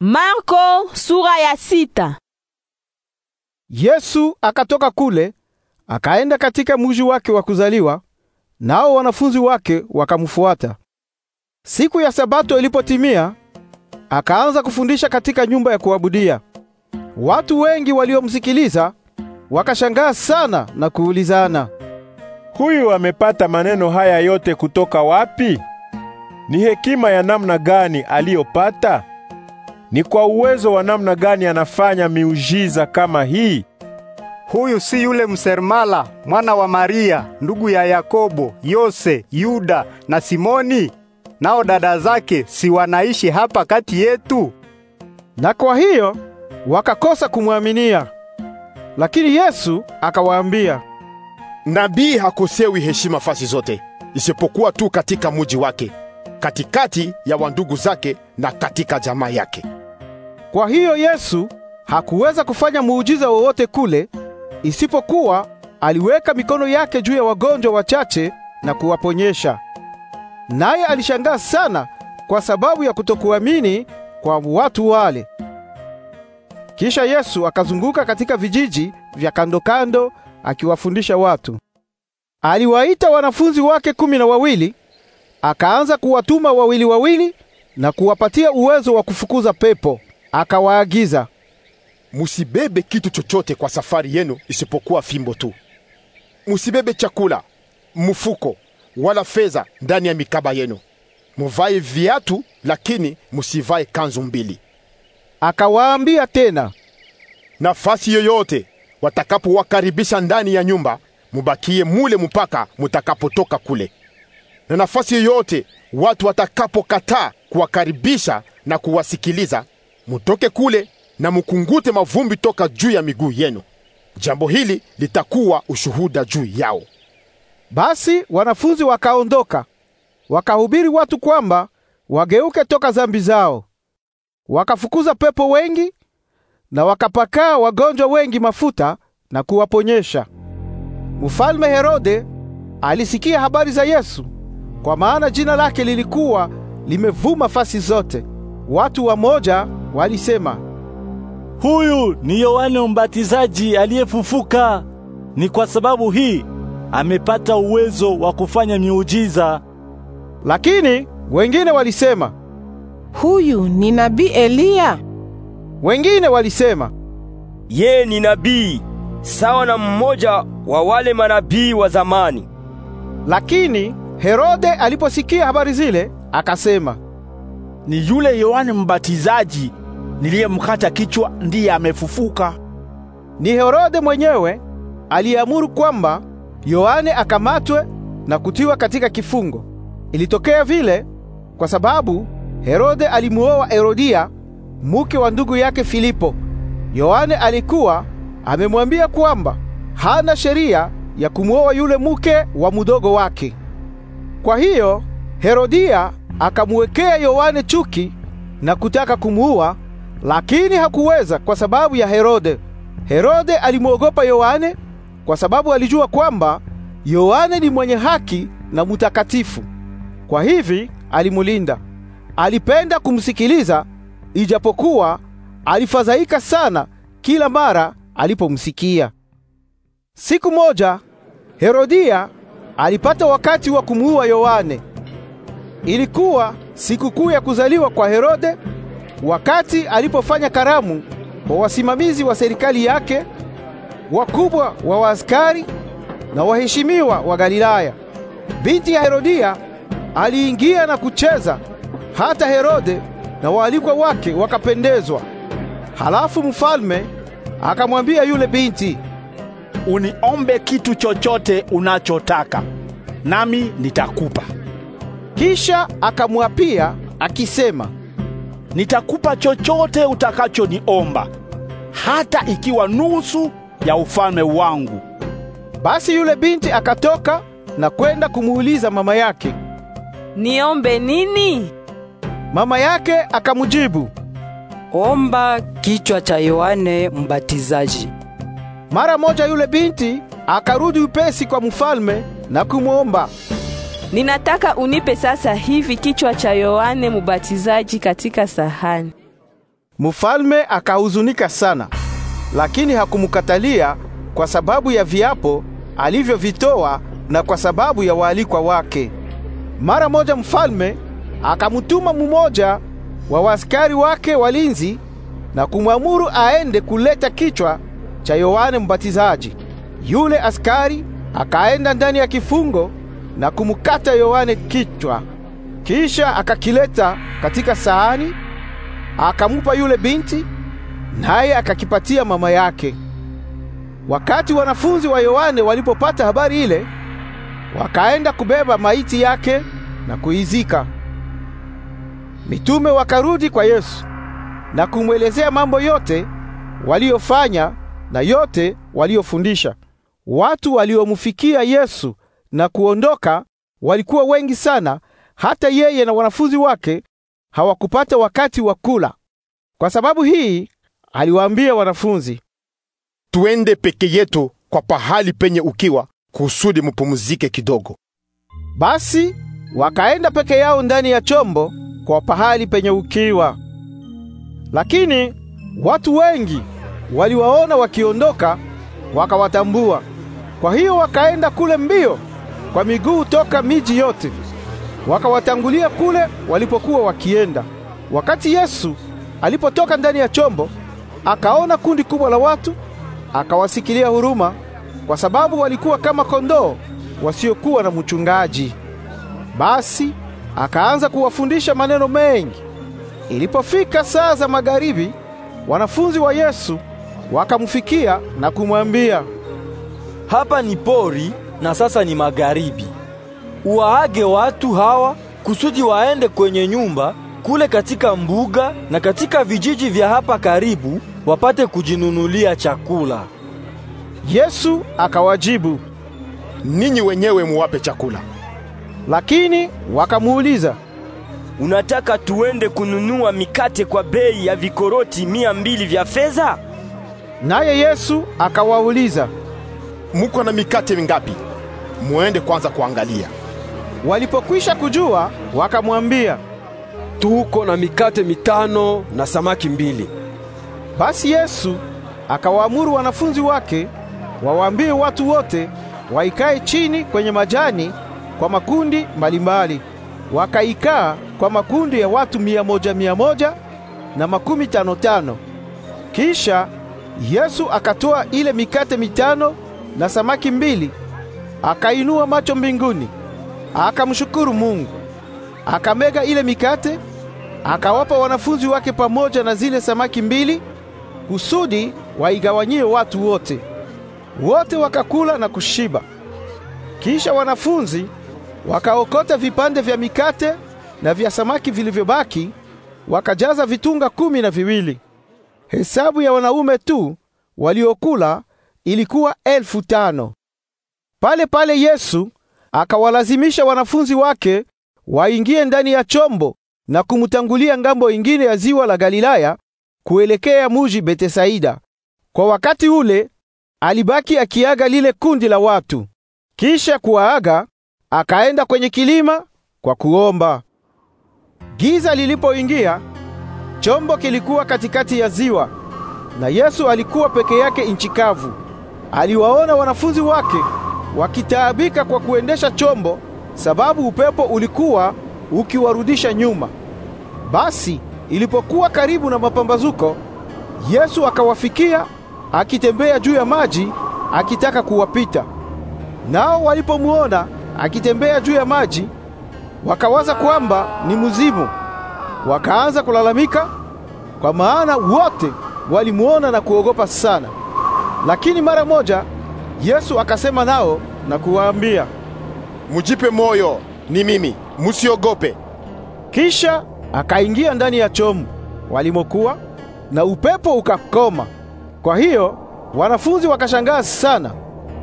Marko sura ya sita. Yesu akatoka kule akaenda katika mji wake wa kuzaliwa, nao wanafunzi wake wakamfuata. Siku ya Sabato ilipotimia, akaanza kufundisha katika nyumba ya kuabudia. Watu wengi waliomsikiliza wakashangaa sana na kuulizana, huyu amepata maneno haya yote kutoka wapi? Ni hekima ya namna gani aliyopata? Ni kwa uwezo wa namna gani anafanya miujiza kama hii? Huyu si yule msermala mwana wa Maria, ndugu ya Yakobo, Yose, Yuda na Simoni? Nao dada zake si wanaishi hapa kati yetu? Na kwa hiyo wakakosa kumwaminia. Lakini Yesu akawaambia, nabii hakosewi heshima fasi zote, isipokuwa tu katika muji wake, katikati ya wandugu zake na katika jamaa yake. Kwa hiyo Yesu hakuweza kufanya muujiza wowote kule isipokuwa aliweka mikono yake juu ya wagonjwa wachache na kuwaponyesha. Naye alishangaa sana kwa sababu ya kutokuamini kwa watu wale. Kisha Yesu akazunguka katika vijiji vya kando kando akiwafundisha watu. Aliwaita wanafunzi wake kumi na wawili, akaanza kuwatuma wawili wawili na kuwapatia uwezo wa kufukuza pepo. Akawaagiza, musibebe kitu chochote kwa safari yenu isipokuwa fimbo tu. Musibebe chakula, mfuko wala fedha ndani ya mikaba yenu. Muvae viatu, lakini musivae kanzu mbili. Akawaambia tena, nafasi yoyote watakapowakaribisha ndani ya nyumba, mubakie mule mpaka mutakapotoka kule, na nafasi yoyote watu watakapokataa kuwakaribisha na kuwasikiliza, mutoke kule na mukungute mavumbi toka juu ya miguu yenu. Jambo hili litakuwa ushuhuda juu yao. Basi wanafunzi wakaondoka, wakahubiri watu kwamba wageuke toka dhambi zao. Wakafukuza pepo wengi na wakapakaa wagonjwa wengi mafuta na kuwaponyesha. Mfalme Herode alisikia habari za Yesu, kwa maana jina lake lilikuwa limevuma fasi zote. Watu wamoja walisema, huyu ni Yohane Mbatizaji aliyefufuka. Ni kwa sababu hii amepata uwezo wa kufanya miujiza. Lakini wengine walisema, huyu ni nabii Eliya. Wengine walisema, yeye ni nabii sawa na mmoja wa wale manabii wa zamani. Lakini Herode aliposikia habari zile, akasema, ni yule Yohani Mbatizaji niliyemkata kichwa ndiye amefufuka. Ni Herode mwenyewe aliyeamuru kwamba Yohane akamatwe na kutiwa katika kifungo. Ilitokea vile kwa sababu Herode alimuoa Herodia, mke wa ndugu yake Filipo. Yohane alikuwa amemwambia kwamba hana sheria ya kumuoa yule mke wa mudogo wake. Kwa hiyo Herodia akamwekea Yohane chuki na kutaka kumuua, lakini hakuweza kwa sababu ya Herode. Herode alimwogopa Yohane kwa sababu alijua kwamba Yohane ni mwenye haki na mutakatifu. Kwa hivi alimulinda. Alipenda kumsikiliza ijapokuwa alifadhaika sana kila mara alipomsikia. Siku moja Herodia alipata wakati wa kumuua Yohane. Ilikuwa sikukuu ya kuzaliwa kwa Herode, wakati alipofanya karamu kwa wasimamizi wa serikali yake, wakubwa wa waaskari na waheshimiwa wa Galilaya. Binti ya Herodia aliingia na kucheza, hata Herode na waalikwa wake wakapendezwa. Halafu mfalme akamwambia yule binti, uniombe kitu chochote unachotaka, nami nitakupa. Kisha akamwapia akisema, nitakupa chochote utakachoniomba, hata ikiwa nusu ya ufalme wangu. Basi yule binti akatoka na kwenda kumuuliza mama yake, niombe nini? Mama yake akamjibu, omba kichwa cha Yohane Mbatizaji. Mara moja yule binti akarudi upesi kwa mfalme na kumwomba Ninataka unipe sasa hivi kichwa cha Yohane Mubatizaji katika sahani. Mfalme akahuzunika sana, lakini hakumkatalia kwa sababu ya viapo alivyovitoa na kwa sababu ya waalikwa wake. Mara moja mfalme akamtuma mmoja wa waskari wake walinzi na kumwamuru aende kuleta kichwa cha Yohane Mbatizaji. Yule askari akaenda ndani ya kifungo na kumkata Yohane kichwa. Kisha akakileta katika sahani, akamupa yule binti, naye akakipatia mama yake. Wakati wanafunzi wa Yohane walipopata habari ile, wakaenda kubeba maiti yake na kuizika. Mitume wakarudi kwa Yesu na kumwelezea mambo yote waliyofanya na yote waliofundisha Watu waliomfikia Yesu na kuondoka walikuwa wengi sana, hata yeye na wanafunzi wake hawakupata wakati wa kula. Kwa sababu hii aliwaambia wanafunzi, tuende peke yetu kwa pahali penye ukiwa kusudi mupumuzike kidogo. Basi wakaenda peke yao ndani ya chombo kwa pahali penye ukiwa. Lakini watu wengi waliwaona wakiondoka, wakawatambua. Kwa hiyo wakaenda kule mbio kwa miguu toka miji yote, wakawatangulia kule walipokuwa wakienda. Wakati Yesu alipotoka ndani ya chombo, akaona kundi kubwa la watu, akawasikilia huruma, kwa sababu walikuwa kama kondoo wasiokuwa na mchungaji. Basi akaanza kuwafundisha maneno mengi. Ilipofika saa za magharibi, wanafunzi wa Yesu wakamfikia na kumwambia, hapa ni pori na sasa ni magharibi. Uwaage watu hawa kusudi waende kwenye nyumba kule katika mbuga na katika vijiji vya hapa karibu wapate kujinunulia chakula. Yesu akawajibu, ninyi wenyewe muwape chakula. Lakini wakamuuliza, unataka tuende kununua mikate kwa bei ya vikoroti mia mbili vya fedha? Naye Yesu akawauliza, muko na mikate mingapi? muende kwanza kuangalia. Walipokwisha kujua, wakamwambia, tuko na mikate mitano na samaki mbili. Basi Yesu akawaamuru wanafunzi wake wawaambie watu wote waikae chini kwenye majani kwa makundi mbalimbali. Wakaikaa kwa makundi ya watu mia moja mia moja na makumi tano tano. Kisha Yesu akatoa ile mikate mitano na samaki mbili akainua macho mbinguni, akamshukuru Mungu, akamega ile mikate, akawapa wanafunzi wake pamoja na zile samaki mbili, kusudi waigawanyie watu wote. Wote wakakula na kushiba. Kisha wanafunzi wakaokota vipande vya mikate na vya samaki vilivyobaki, wakajaza vitunga kumi na viwili. Hesabu ya wanaume tu waliokula ilikuwa elfu tano. Pale pale Yesu akawalazimisha wanafunzi wake waingie ndani ya chombo na kumtangulia ngambo ingine ya ziwa la Galilaya kuelekea muji Betesaida. Kwa wakati ule alibaki akiaga lile kundi la watu. Kisha kuwaaga akaenda kwenye kilima kwa kuomba. Giza lilipoingia, chombo kilikuwa katikati ya ziwa na Yesu alikuwa peke yake inchi kavu. Aliwaona wanafunzi wake wakitaabika kwa kuendesha chombo, sababu upepo ulikuwa ukiwarudisha nyuma. Basi ilipokuwa karibu na mapambazuko, Yesu akawafikia akitembea juu ya maji akitaka kuwapita. Nao walipomuona akitembea juu ya maji, wakawaza kwamba ni mzimu, wakaanza kulalamika, kwa maana wote walimuona na kuogopa sana. Lakini mara moja Yesu akasema nao na kuwaambia, mujipe moyo, ni mimi, musiogope. Kisha akaingia ndani ya chomu walimokuwa, na upepo ukakoma. Kwa hiyo wanafunzi wakashangaa sana,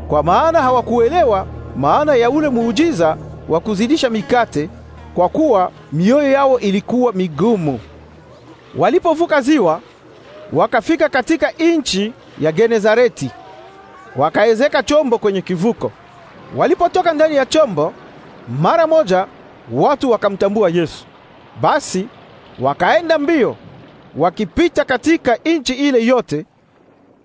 kwa maana hawakuelewa maana ya ule muujiza wa kuzidisha mikate, kwa kuwa mioyo yao ilikuwa migumu. Walipovuka ziwa, wakafika katika inchi ya Genezareti wakaezeka chombo kwenye kivuko. Walipotoka ndani ya chombo, mara moja watu wakamtambua Yesu. Basi wakaenda mbio wakipita katika nchi ile yote,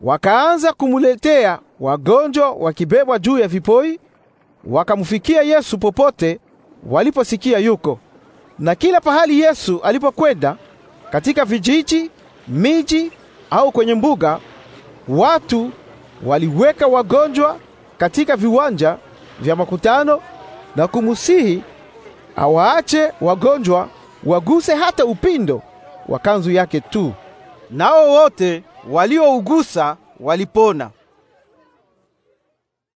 wakaanza kumuletea wagonjwa wakibebwa juu ya vipoi, wakamfikia Yesu popote waliposikia yuko. Na kila pahali Yesu alipokwenda, katika vijiji, miji au kwenye mbuga, watu waliweka wagonjwa katika viwanja vya makutano na kumusihi awaache wagonjwa waguse hata upindo wa kanzu yake tu, nao wote waliougusa walipona.